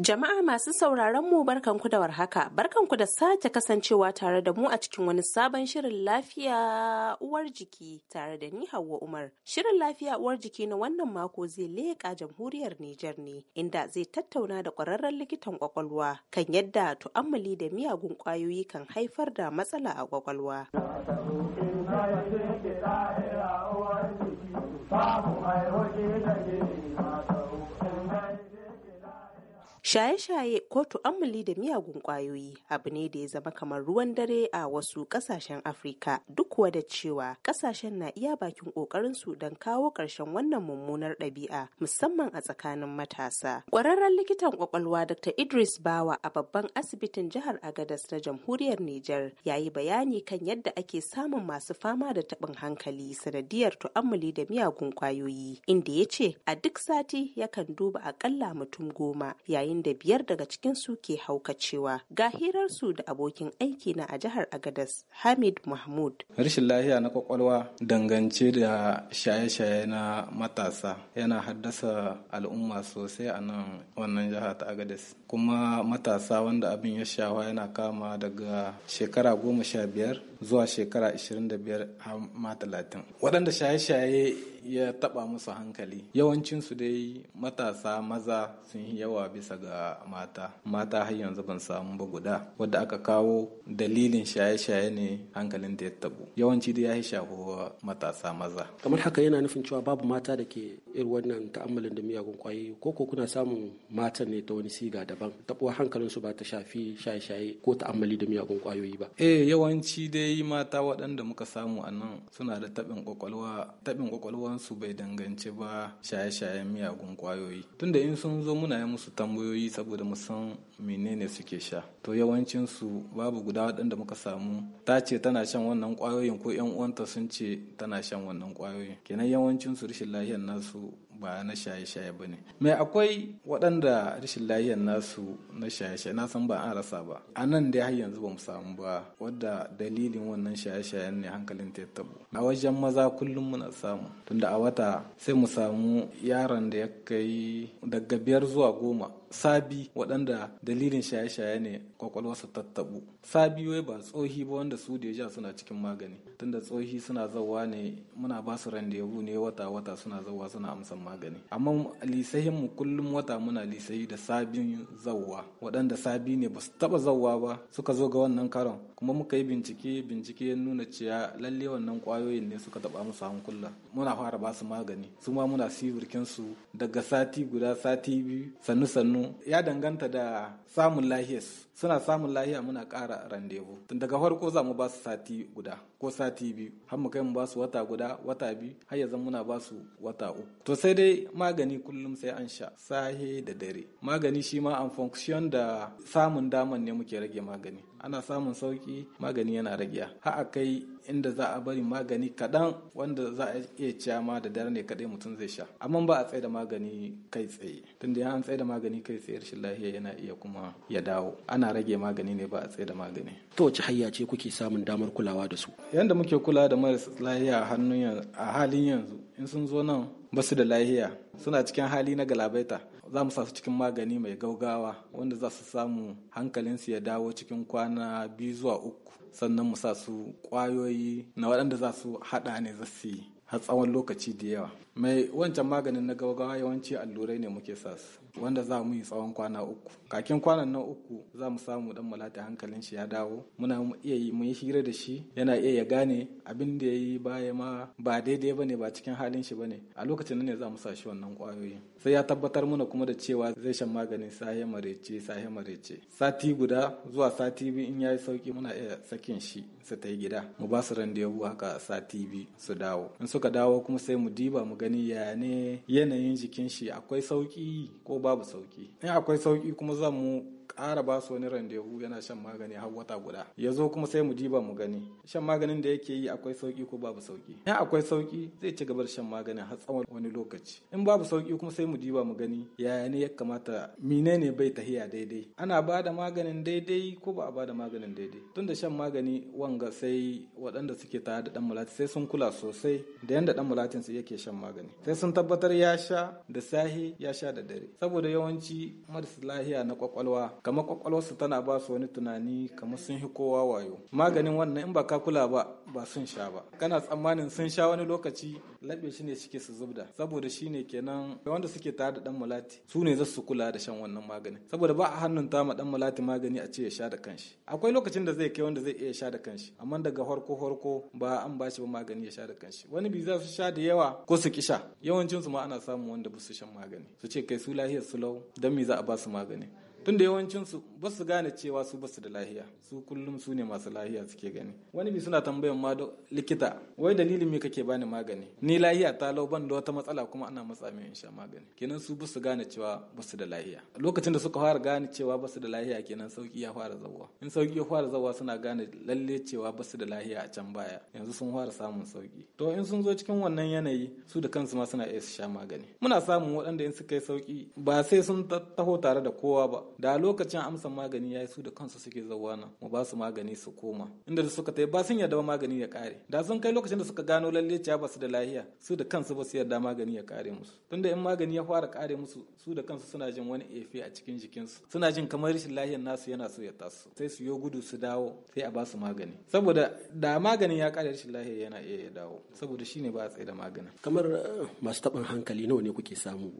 Jama'a masu sauraron mu barkanku da warhaka, barkanku da sake kasancewa tare da mu a cikin wani sabon shirin lafiya uwar jiki tare da ni Hauwa Umar. Shirin lafiya uwar jiki na wannan mako zai leƙa jamhuriyar Nijar ne, inda zai tattauna da ƙwararren likitan ƙwaƙwalwa kan yadda tu'ammali da miyagun ƙwayoyi kan haifar da matsala a ƙwaƙwalwa. Babu mai da Shaye-shaye ko tu'ammali da miyagun ƙwayoyi abu ne da ya zama kamar ruwan dare a wasu ƙasashen Afirka duk kuwa da cewa ƙasashen na iya bakin su don kawo ƙarshen wannan mummunar ɗabi'a musamman a tsakanin matasa. Ƙwararren likitan ƙwaƙwalwa Dr. Idris Bawa a babban asibitin jihar Agadas na Jamhuriyar Nijar ya yi bayani kan yadda ake samun masu fama da taɓin hankali sanadiyar tu'ammali da miyagun ƙwayoyi inda ya ce a duk sati yakan duba aƙalla mutum goma yayin da biyar daga cikin su ke haukacewa ga hirarsu da abokin aiki na a jihar agadas hamid mahmud rashin lafiya na kwakwalwa dangance da shaye-shaye na matasa yana haddasa al'umma sosai a nan wannan jiha ta agadas kuma matasa wanda abin ya shawa yana kama daga shekara goma sha biyar zuwa shekara 25 har ma 30 waɗanda shaye-shaye ya taɓa musu hankali yawancinsu dai matasa maza sun yi yawa bisa ga mata mata har yanzu ban samu ba guda wadda aka kawo dalilin shaye-shaye ne hankalin da ya tabu. yawanci da ya yi shahuwa matasa maza kamar haka yana nufin cewa babu mata da ke irin wannan ta'ammalin da miyagun kwayoyi ko ko kuna samun matan ne ta wani siga daban taɓuwa hankalinsu ba ta shafi shaye-shaye ko ta'ammali da miyagun kwayoyi ba eh yawanci dai akwai mata waɗanda muka samu a nan suna da taɓin kwakwalwa taɓin kwakwalwansu bai danganci ba shaye-shayen miyagun kwayoyi tunda in sun zo muna yi musu tambayoyi saboda mu san menene suke sha to yawancinsu babu guda waɗanda muka samu ta ce tana shan wannan kwayoyin ko yan uwanta sun ce tana shan wannan kwayoyin kenan yawancin su rashin lahiyar nasu ba na shaye-shaye ba ne mai akwai waɗanda rashin lahiyar nasu na shaye-shaye na san ba an rasa ba a nan dai har yanzu ba mu samu ba wadda dalilin wannan shaye-shayen ne hankalin ta tabo a wajen maza kullum muna samu tunda a wata sai mu samu yaron da ya kai daga biyar zuwa goma sabi waɗanda dalilin shaye-shaye ne kwakwalwarsa tattabu sabiyoyi ba tsohi ba wanda su da deja suna cikin magani tunda tsohi suna zawa ne muna ba su randevu ne wata-wata suna zawa suna amsan magani amma lisahin mu kullum wata muna lisayi da sabin zawa waɗanda sabi ne ba su taɓa zawa ba suka zo ga wannan karon kuma muka yi bincike bincike ya nuna cewa lalle wannan kwayoyin ne suka taɓa musu hankula muna fara ba su magani su ma muna sibirkin su daga sati guda sati biyu sannu sannu ya danganta da samun lahiyas suna samun lahiya muna ƙara randevu daga farko za mu ba su sati guda ko sati biyu har mu kai mu ba su wata guda wata biyu har ya muna ba su wata uku to sai dai magani kullum sai an sha sahe da dare magani shi ma an function da samun daman ne muke rage magani ana samun sauki magani yana rage har a kai inda za a bari magani kaɗan wanda za a iya ciya ma da dare ne kaɗai mutum zai sha amma ba a da magani kai tsaye tunda ya an da magani kai tsaye rashin lafiya yana iya kuma ya dawo ana rage magani ne ba a da magani ta wace hayya ce kuke samun damar kulawa da su yadda muke kula da maras lahiya a halin yanzu in sun zo nan ba su da lahiya suna cikin hali na galabaita za mu sa su cikin magani mai gaugawa wanda za su samu hankalinsu ya dawo cikin kwana biyu zuwa uku sannan mu sa su kwayoyi na waɗanda za su haɗa ne za su yi har tsawon lokaci da yawa mai wancan maganin na gawa yawanci allurai ne muke sa su wanda za mu yi tsawon kwana uku kakin kwanan nan uku za mu samu dan malata hankalin shi ya dawo muna iya yi mu yi hira da shi yana iya ya gane abin da ya yi baya ma ba daidai bane ba cikin halin shi ba ne. a lokacin nan ne za mu sa shi wannan kwayoyi sai ya tabbatar muna kuma da cewa zai shan maganin sahe marece sahe marece sati guda zuwa sati biyu in yayi sauki muna iya sakin shi su ta gida mu ba su randewu haka sati biyu su dawo in suka dawo kuma sai mu diba mu gani ya ne yanayin jikin shi akwai sauki ko babu sauki in akwai sauki kuma za mu ƙara ba su wani randevu yana shan magani har wata guda ya zo kuma sai mu diba mu gani shan maganin da yake yi akwai sauki ko babu sauki in akwai sauki zai ci gaba da shan maganin har tsawon wani lokaci in babu sauki kuma sai mu diba mu gani yaya ne ya kamata menene bai tahiya daidai ana ba da maganin daidai ko ba a ba da maganin daidai tun da shan magani wanga sai waɗanda suke tare da dan mulati sai sun kula sosai da yanda dan mulatin su yake shan magani sai sun tabbatar ya sha da sahi ya sha da dare saboda yawanci marasa lahiya na kwakwalwa kamar kwakwalwarsu tana ba su wani tunani kamar sun fi kowa wayo maganin wannan in ba ka kula ba ba sun sha ba kana tsammanin sun sha wani lokaci labe shi ne suke su zubda saboda shi ne kenan wanda suke tare da dan mulati su ne za su kula da shan wannan maganin saboda ba a hannun ta ma dan mulati magani a ce ya sha da kanshi akwai lokacin da zai kai wanda zai iya sha da kanshi amma daga harko harko ba an bashi ba magani ya sha da kanshi wani bi za su sha da yawa ko su kisha yawancin su ma ana samun wanda ba su shan magani su ce kai su lahiyar su lau dan me za a ba su magani tunda yawancinsu ba su gane cewa su ba su da lahiya su kullum su ne masu lahiya suke gani wani bi suna tambayan ma da likita wai dalilin me kake bani magani ni lahiya ta lau ban da wata matsala kuma ana matsa min in magani kenan su ba su gane cewa ba su da lahiya lokacin da suka fara gane cewa ba su da lahiya kenan sauki ya fara zawa in sauki ya fara zawa suna gane lalle cewa ba su da lahiya a can baya yanzu sun fara samun sauki to in sun zo cikin wannan yanayi su da kansu ma suna iya su sha magani muna samun waɗanda in suka yi sauki ba sai sun taho tare da kowa ba da lokacin amsa magani ya yi su da kansu suke zauwa mu ba su magani su koma inda suka tai ba sun yarda ba magani ya kare da sun kai lokacin da suka gano lalle ciya ba su da lahiya su da kansu ba su yarda magani ya kare musu tunda in magani ya fara kare musu su da kansu suna jin wani efe a cikin jikinsu suna jin kamar rashin lahiyar nasu yana so ya tasu, sai su yo gudu su dawo sai a ba su magani saboda da magani ya kare rashin lahiyar yana iya ya dawo saboda shine ba a tsaye da magani kamar eh, masu taɓin hankali nawa ne kuke samu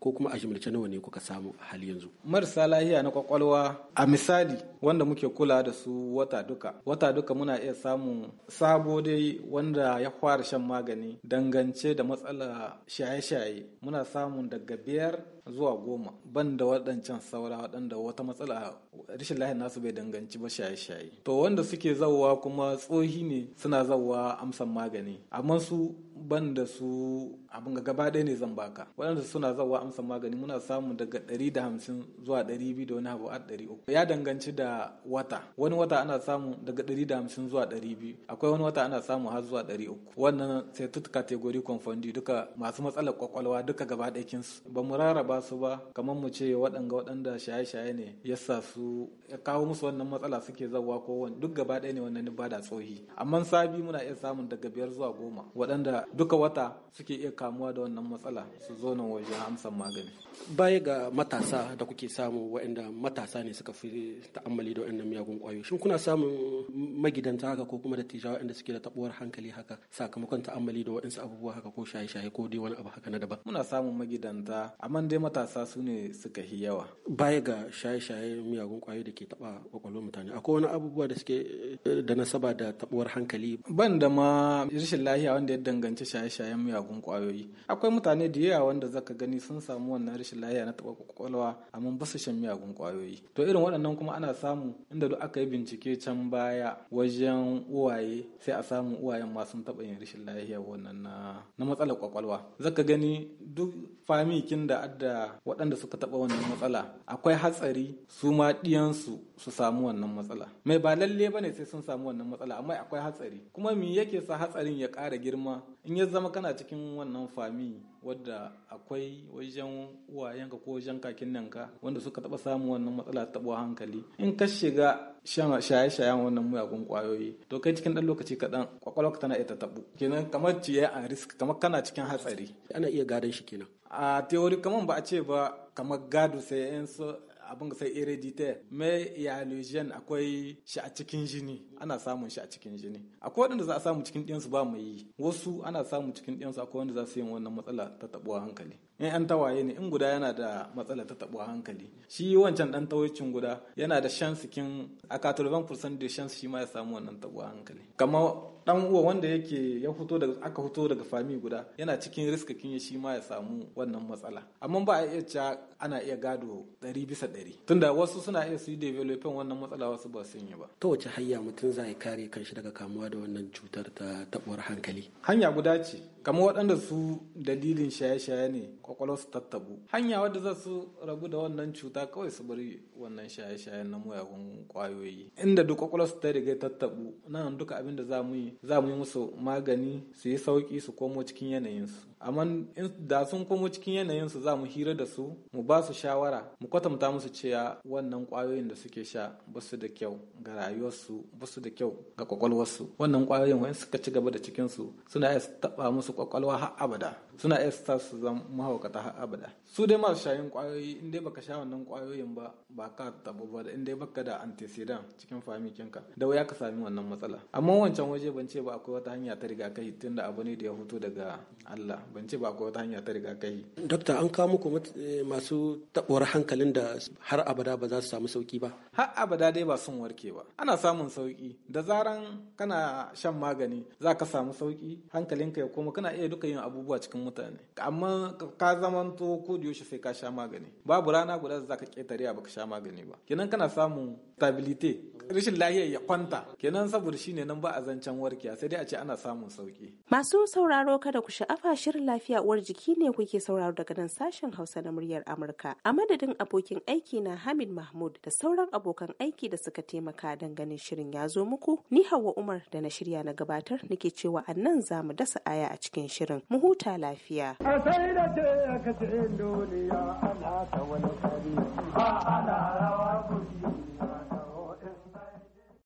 ko kuma a jimilce nawa ne kuka samu hali yanzu marasa lahiya lahiya na kwakwalwa a misali wanda muke kula da su wata duka wata duka muna iya samun sabo dai wanda ya fara shan magani dangance da matsala shaye-shaye muna samun daga biyar zuwa goma ban da waɗancan saura waɗanda wata matsala rashin lahiyar nasu bai danganci ba shaye-shaye to wanda suke zawowa kuma tsohi ne suna zawowa amsan magani amma su ban da su abin ga gaba ɗaya ne zan baka waɗanda suna zawowa amsan magani muna samu daga ɗari da hamsin zuwa ɗari biyu da wani abu a ɗari uku ya danganci da wata wani wata ana samu daga ɗari da hamsin zuwa ɗari biyu akwai wani wata ana samu har zuwa ɗari uku wannan sai tut category confound duka masu matsalar kwakwalwa duka gaba ɗaya kinsu ba mu rarraba su ba kamar mu ce waɗanga waɗanda shaye-shaye ne sa su ya kawo musu wannan matsala suke zawa ko wani duk gaba ɗaya ne wannan ba da tsohi amma sabi muna iya samun daga biyar zuwa goma waɗanda duka wata suke iya kamuwa da wannan matsala su zo nan waje amsan magani baya ga matasa da kuke samu waɗanda matasa ne suka fi ta'ammali da waɗannan miyagun ƙwayoyi shin kuna samun magidanta haka ko kuma da tija waɗanda suke da taɓuwar hankali haka sakamakon ta'ammali da waɗansu abubuwa haka ko shaye-shaye ko dai wani abu haka na daban muna samun magidanta amma dai matasa su ne suka yi yawa baya ga shaye-shaye miyagun kwayoyi da ke taba kwakwalwar mutane akwai wani abubuwa da suke eh, da nasaba da tabuwar hankali ban da ma rashin lahiya wanda ya danganci shaye-shayen miyagun kwayoyi akwai mutane da yawa wanda zaka gani sun samu wannan rashin lahiya na taba kwakwalwa amma ba su shan miyagun kwayoyi to irin waɗannan kuma ana samu inda duk aka yi bincike can baya wajen uwaye sai a samu uwayen ma sun taba yin rashin lahiya wannan na matsalar kwakwalwa zaka gani duk famikin da adda da waɗanda suka taɓa wannan matsala akwai hatsari su ma ɗiyansu su samu wannan matsala mai ba lalle ba ne sai sun samu wannan matsala amma akwai hatsari kuma me yake sa hatsarin ya ƙara girma in ya zama kana cikin wannan fami wadda akwai wajen uwayenka ko wajen kakin nan ka wanda suka taɓa samu wannan matsala ta taɓo hankali in ka shiga shaye-shayen wannan muyagun kwayoyi to kai cikin ɗan lokaci kaɗan kwakwalwa tana iya ta taɓo kenan kamar ciye a risk kamar kana cikin hatsari ana iya gadon shi kenan a teori kamar ba a ce ba kamar gado sai abin sai hereditaire mai iyalogen akwai shi a cikin jini ana samun shi a cikin jini akwai wanda za a samu cikin ɗiyansu ba mu yi wasu ana samu cikin ɗiyansu akwai wanda za su yi wannan matsala ta taɓuwa hankali in an tawaye ne in guda yana da matsala ta tabo hankali shi wancan dan tawayicin guda yana da shansikin a 80% da shansu shi ma ya samu wannan tabo hankali kamar dan uwa wanda yake ya fito daga aka fito daga fami guda yana cikin riska riskakin shi ma ya samu wannan matsala amma ba a iya cewa ana iya gado ɗari bisa ɗari tunda wasu suna iya su yi developing wannan matsala wasu ba su yi ba ta wace hanya mutum zai kare kanshi daga kamuwa da wannan cutar ta taɓuwar hankali hanya guda ce kamar waɗanda su dalilin shaye-shaye ne kwakwalwar su tattabu hanya wadda za su rabu da wannan cuta kawai su bari wannan shaye shaye na muyagun kwayoyi inda duk kwakwalwar su ta riga tattabu nan duka abin da za mu yi za yi musu magani su yi sauki su komo cikin yanayinsu. amma da sun komo cikin yanayin su za mu hira da su mu ba su shawara mu kwatanta musu cewa wannan kwayoyin da suke sha ba su da kyau ga rayuwarsu ba su da kyau ga kwakwalwarsu wannan kwayoyin wani suka ci gaba da cikin su suna iya taɓa musu kwakwalwa har abada suna iya sa su zama mahaukata har abada su dai masu shayin kwayoyi in dai baka sha wannan kwayoyin ba ba ka tabo ba da in dai baka da antecedent cikin famikin ka, da wuya ka sami wannan matsala amma wancan waje ban ce ba akwai wata hanya ta rigakafi tunda abu ne da ya fito daga Allah ban ce ba akwai wata hanya ta rigakafi dokta an kawo muku eh, masu tabuwar hankalin da har abada ba za su samu sauki ba har abada dai ba sun warke ba ana samun sauki da zaran kana shan magani za ka samu sauki hankalinka ya koma kana iya duka yin abubuwa cikin mutane amma ka zamanto ko da yaushe sai ka sha magani babu rana guda za ka ketare ba ka sha magani ba kenan kana samun stability rashin lahiya ya kwanta kenan saboda shine nan ba a zancen warkiya sai dai a ce ana samun sauki masu sauraro kada ku sha'afa shirin lafiya uwar jiki ne kuke sauraro daga nan sashen Hausa na muryar Amurka a madadin abokin aiki na Hamid Mahmud da sauran abokan aiki da suka taimaka don ganin shirin ya zo muku ni Hauwa Umar da na shirya na gabatar nake cewa a nan za mu dasa aya a cikin shirin mu huta lafiya lafiya. A